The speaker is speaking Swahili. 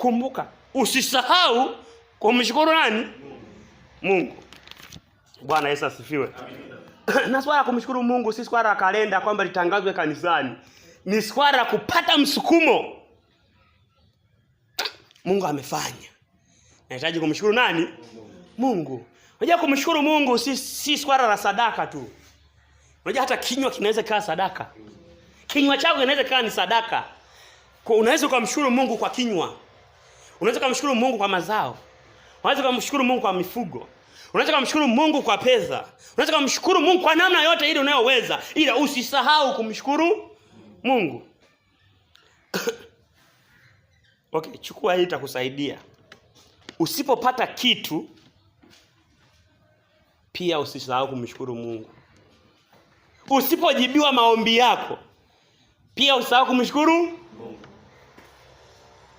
kumbuka, usisahau kumshukuru nani? Mungu. Bwana Yesu asifiwe. Na swala kumshukuru Mungu si swala la kalenda kwamba litangazwe kanisani, ni swala la kupata msukumo. Mungu amefanya, nahitaji kumshukuru nani? Mungu. Unajua, kumshukuru Mungu si, si swala la sadaka tu. Unajua hata kinywa kinaweza kawa sadaka, kinywa chako kinaweza kawa ni sadaka. Unaweza ukamshukuru Mungu kwa kinywa unaweza kumshukuru Mungu kwa mazao, unaweza kumshukuru Mungu kwa mifugo, unaweza kumshukuru Mungu kwa pesa, unaweza kumshukuru Mungu kwa namna yote ile unayoweza, ila usisahau kumshukuru Mungu. Okay, chukua hii, itakusaidia. Usipopata kitu pia usisahau kumshukuru Mungu. Usipojibiwa maombi yako pia usisahau kumshukuru